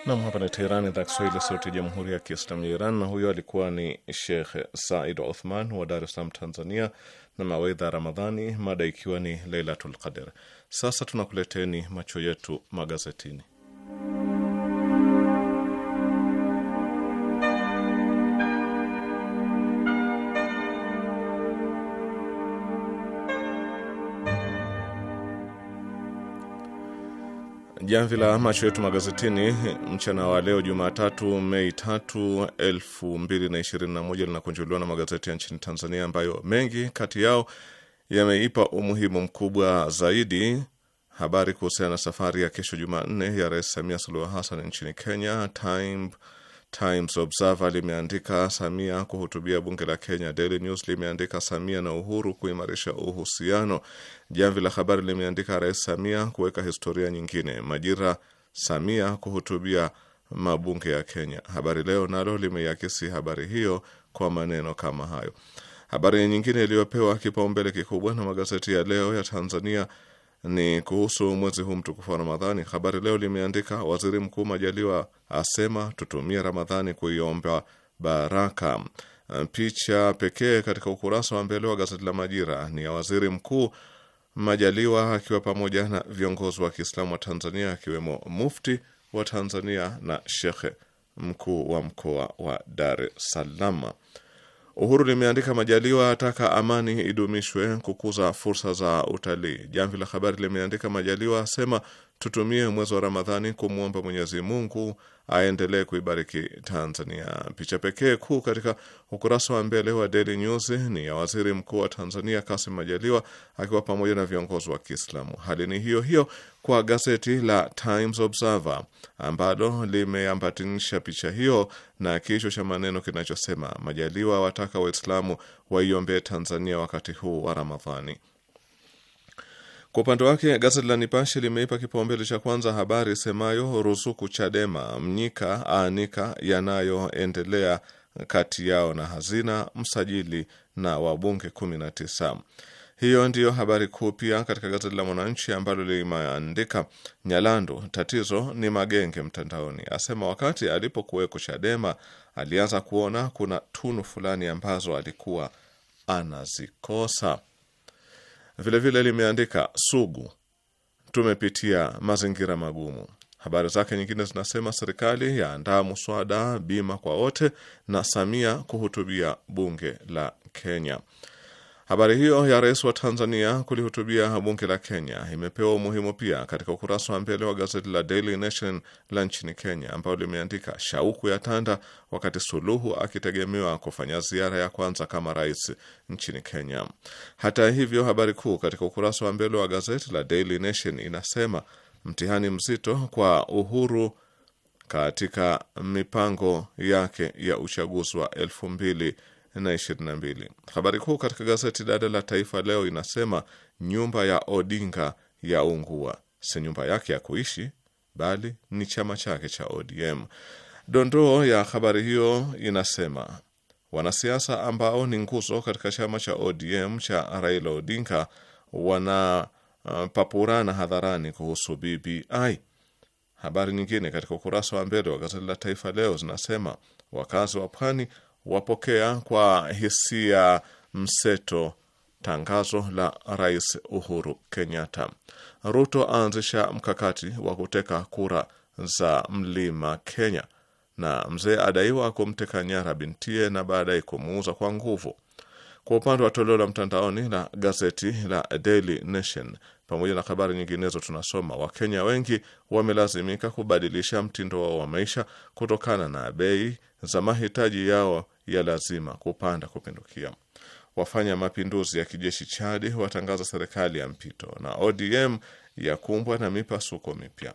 Nam, hapa ni Teherani, idhaa Kiswahili, sauti ya jamhuri ya kiislamu ya Iran. Na huyo alikuwa ni Shekh Said Uthman wa Dar es Salaam, Tanzania, na mawaidha ya Ramadhani, mada ikiwa ni Leilatul Qadr. Sasa tunakuleteni macho yetu magazetini. jamvi la macho yetu magazetini mchana wa leo Jumatatu, Mei 3, 2021 linakunjuliwa na magazeti ya nchini Tanzania ambayo mengi kati yao yameipa umuhimu mkubwa zaidi habari kuhusiana na safari ya kesho Jumanne ya Rais Samia Suluhu Hassan nchini Kenya. Time Times Observer limeandika Samia kuhutubia bunge la Kenya. Daily News limeandika Samia na Uhuru kuimarisha uhusiano. Jamvi la Habari limeandika Rais Samia kuweka historia nyingine. Majira, Samia kuhutubia mabunge ya Kenya. Habari Leo nalo limeiakisi habari hiyo kwa maneno kama hayo. Habari nyingine iliyopewa kipaumbele kikubwa na magazeti ya leo ya Tanzania ni kuhusu mwezi huu mtukufu wa Ramadhani. Habari Leo limeandika waziri mkuu Majaliwa asema tutumie Ramadhani kuiomba baraka. Eh, picha pekee katika ukurasa wa mbele wa gazeti la Majira ni ya waziri mkuu Majaliwa akiwa pamoja na viongozi wa Kiislamu wa Tanzania akiwemo mufti wa Tanzania na shekhe mkuu wa mkoa wa Dar es Salaam. Uhuru limeandika Majaliwa ataka amani idumishwe kukuza fursa za utalii. Jamvi la Habari limeandika Majaliwa asema tutumie mwezi wa Ramadhani kumwomba Mwenyezi Mungu aendelee kuibariki Tanzania. Picha pekee kuu katika ukurasa wa mbele wa Daily News ni ya waziri mkuu wa Tanzania Kasim Majaliwa akiwa pamoja na viongozi wa Kiislamu. Hali ni hiyo hiyo kwa gazeti la Times Observer ambalo limeambatanisha picha hiyo na kichwa cha maneno kinachosema Majaliwa wataka Waislamu waiombee Tanzania wakati huu wa Ramadhani. Kwa upande wake gazeti la Nipashe limeipa kipaumbele cha kwanza habari semayo ruzuku Chadema, Mnyika aanika yanayoendelea kati yao na hazina, msajili na wabunge 19. Hiyo ndiyo habari kuu pia katika gazeti la Mwananchi ambalo limeandika Nyalandu, tatizo ni magenge mtandaoni, asema wakati alipokuweko Chadema alianza kuona kuna tunu fulani ambazo alikuwa anazikosa. Vilevile limeandika sugu, tumepitia mazingira magumu. Habari zake nyingine zinasema serikali yaandaa muswada bima kwa wote, na Samia kuhutubia bunge la Kenya. Habari hiyo ya rais wa Tanzania kulihutubia bunge la Kenya imepewa umuhimu pia katika ukurasa wa mbele wa gazeti la Daily Nation la nchini Kenya, ambayo limeandika shauku ya tanda wakati Suluhu akitegemewa kufanya ziara ya kwanza kama rais nchini Kenya. Hata hivyo, habari kuu katika ukurasa wa mbele wa gazeti la Daily Nation inasema mtihani mzito kwa Uhuru katika mipango yake ya uchaguzi wa elfu mbili na 22. Habari kuu katika gazeti dada la Taifa Leo inasema nyumba ya Odinga yaungua, si nyumba yake ya kuishi bali ni chama chake cha ODM. Dondoo ya habari hiyo inasema wanasiasa ambao ni nguzo katika chama cha ODM cha Raila Odinga wanapapurana uh, hadharani kuhusu BBI. Habari nyingine katika ukurasa wa mbele wa gazeti la Taifa Leo zinasema wakazi wa pwani wapokea kwa hisia mseto tangazo la Rais Uhuru Kenyatta. Ruto aanzisha mkakati wa kuteka kura za Mlima Kenya, na mzee adaiwa kumteka nyara bintie na baadaye kumuuza kwa nguvu. Kwa upande wa toleo la mtandaoni la gazeti la Daily Nation pamoja na habari nyinginezo, tunasoma Wakenya wengi wamelazimika kubadilisha mtindo wao wa maisha kutokana na bei za mahitaji yao ya lazima kupanda kupindukia. Wafanya mapinduzi ya kijeshi Chadi watangaza serikali ya mpito na ODM yakumbwa na mipasuko mipya.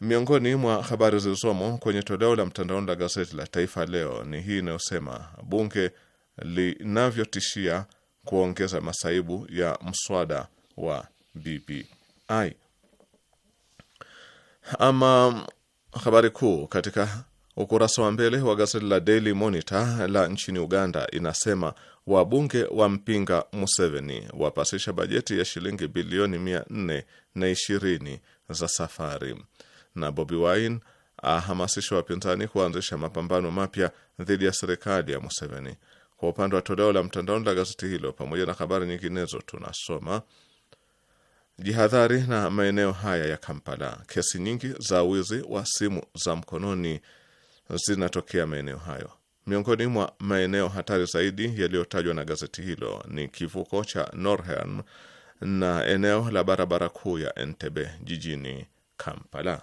Miongoni mwa habari zilizomo kwenye toleo la mtandaoni la gazeti la Taifa Leo ni hii inayosema bunge linavyotishia kuongeza masaibu ya mswada wa BBI. Ama habari kuu katika Ukurasa wa mbele wa gazeti la Daily Monitor la nchini Uganda inasema wabunge wa mpinga Museveni wapasisha bajeti ya shilingi bilioni mia nne na ishirini za safari, na Bobi Wine ahamasisha wapinzani kuanzisha mapambano mapya dhidi ya serikali ya Museveni. Kwa upande wa toleo la mtandaoni la gazeti hilo, pamoja na habari nyinginezo, tunasoma jihadhari na maeneo haya ya Kampala, kesi nyingi za wizi wa simu za mkononi zinatokea maeneo hayo. Miongoni mwa maeneo hatari zaidi yaliyotajwa na gazeti hilo ni kivuko cha norherm na eneo la barabara kuu ya Entebbe jijini Kampala.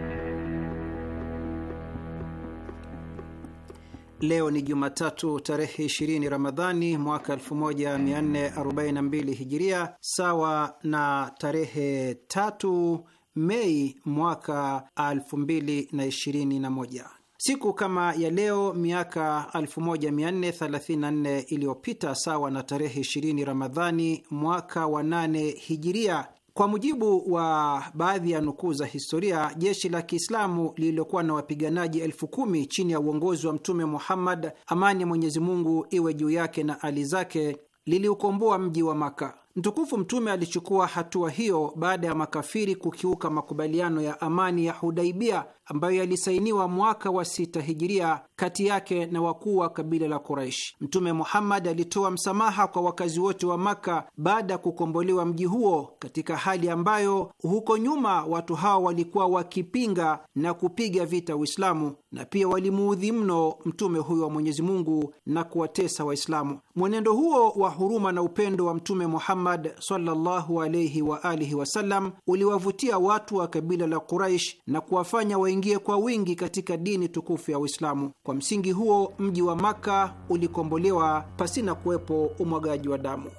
Leo ni Jumatatu tarehe 20 Ramadhani mwaka 1442 Hijiria, sawa na tarehe tatu Mei mwaka 2021. Siku kama ya leo miaka 1434 iliyopita, sawa na tarehe 20 Ramadhani mwaka wa 8 Hijiria, kwa mujibu wa baadhi ya nukuu za historia, jeshi la Kiislamu lililokuwa na wapiganaji elfu kumi chini ya uongozi wa Mtume Muhammad, amani ya Mwenyezi Mungu iwe juu yake na ali zake, liliukomboa mji wa Maka. Mtukufu Mtume alichukua hatua hiyo baada ya makafiri kukiuka makubaliano ya amani ya Hudaibia ambayo yalisainiwa mwaka wa sita hijiria kati yake na wakuu wa kabila la Quraish. Mtume Muhammad alitoa msamaha kwa wakazi wote wa Maka baada ya kukombolewa mji huo, katika hali ambayo huko nyuma watu hao walikuwa wakipinga na kupiga vita Uislamu, na pia walimuudhi mno mtume huyo wa Mwenyezi Mungu na kuwatesa Waislamu. Mwenendo huo wa huruma na upendo wa Mtume Muhammad sallallahu alayhi wa alihi wasallam uliwavutia watu wa kabila la Quraish na kuwafanya waingi waingie kwa wingi katika dini tukufu ya Uislamu. Kwa msingi huo, mji wa Maka ulikombolewa pasina kuwepo umwagaji wa damu.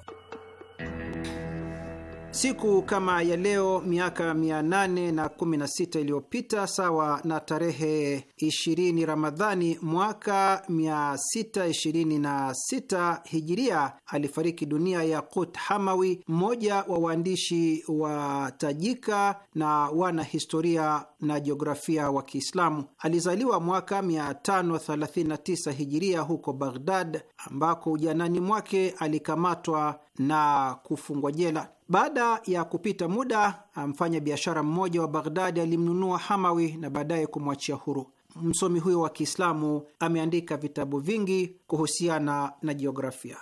Siku kama ya leo miaka 816 iliyopita, sawa na tarehe 20 Ramadhani mwaka 626 Hijiria, alifariki dunia ya kut Hamawi, mmoja wa waandishi wa tajika na wana historia na jiografia wa Kiislamu. Alizaliwa mwaka 539 Hijiria huko Baghdad, ambako ujanani mwake alikamatwa na kufungwa jela. Baada ya kupita muda, mfanya biashara mmoja wa Baghdadi alimnunua Hamawi na baadaye kumwachia huru. Msomi huyo wa Kiislamu ameandika vitabu vingi kuhusiana na jiografia.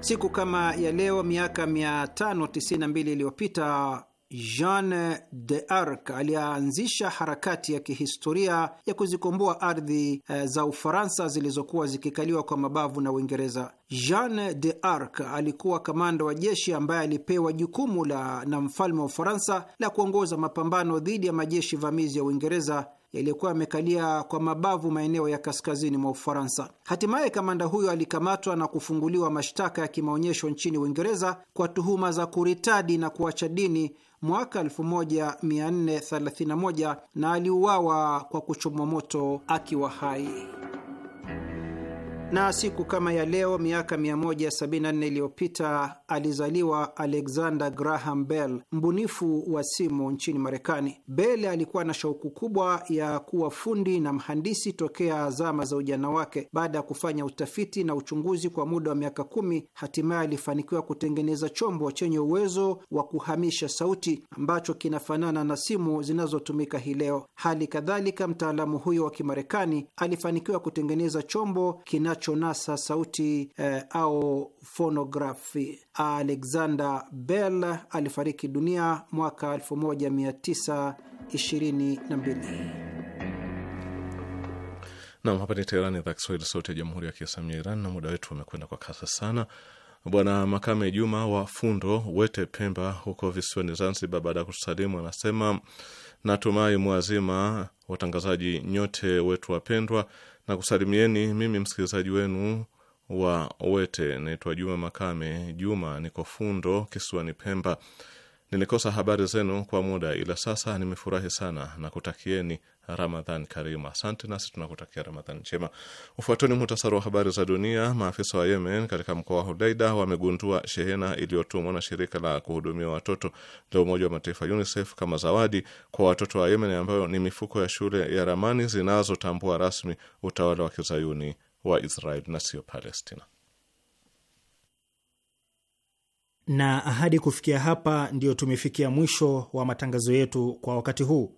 Siku kama ya leo miaka 592 iliyopita Jean de Arc alianzisha harakati ya kihistoria ya kuzikomboa ardhi eh, za Ufaransa zilizokuwa zikikaliwa kwa mabavu na Uingereza. Jean de Arc alikuwa kamanda wa jeshi ambaye alipewa jukumu la na mfalme wa Ufaransa la kuongoza mapambano dhidi ya majeshi vamizi ya Uingereza yaliyokuwa yamekalia kwa mabavu maeneo ya kaskazini mwa Ufaransa. Hatimaye kamanda huyo alikamatwa na kufunguliwa mashtaka ya kimaonyesho nchini Uingereza kwa tuhuma za kuritadi na kuacha dini mwaka 1431 na aliuawa kwa kuchomwa moto akiwa hai na siku kama ya leo miaka 174 iliyopita alizaliwa Alexander Graham Bell, mbunifu wa simu nchini Marekani. Bell alikuwa na shauku kubwa ya kuwa fundi na mhandisi tokea zama za ujana wake. Baada ya kufanya utafiti na uchunguzi kwa muda wa miaka kumi, hatimaye alifanikiwa kutengeneza chombo chenye uwezo wa kuhamisha sauti ambacho kinafanana na simu zinazotumika hii leo. Hali kadhalika, mtaalamu huyo wa Kimarekani alifanikiwa kutengeneza chombo kina kinachonasa sauti eh, au fonografi. Alexander Bell alifariki dunia mwaka 1922. Nam, hapa ni Teherani, idhaa Kiswahili, sauti ya jamhuri ya kiislamu ya Iran. Na muda wetu umekwenda kwa kasi sana. Bwana Makame Juma wa Fundo Wete, Pemba huko visiwani Zanzibar, baada ya kutusalimu anasema, natumai mwazima watangazaji nyote wetu wapendwa na kusalimieni. Mimi msikilizaji wenu wa Wete naitwa Juma Makame Juma, niko Fundo kisiwani Pemba. Nilikosa habari zenu kwa muda, ila sasa nimefurahi sana na kutakieni Ramadhan karimu Asante, nasi tunakutakia Ramadhan njema. Ufuatoni muhtasari wa habari za dunia. Maafisa wa Yemen katika mkoa wa Hudaida wamegundua shehena iliyotumwa na shirika la kuhudumia watoto la Umoja wa Mataifa UNICEF kama zawadi kwa watoto wa Yemen, ambayo ni mifuko ya shule ya ramani zinazotambua rasmi utawala wa kizayuni wa Israel na sio Palestina. Na ahadi kufikia hapa, ndiyo tumefikia mwisho wa matangazo yetu kwa wakati huu.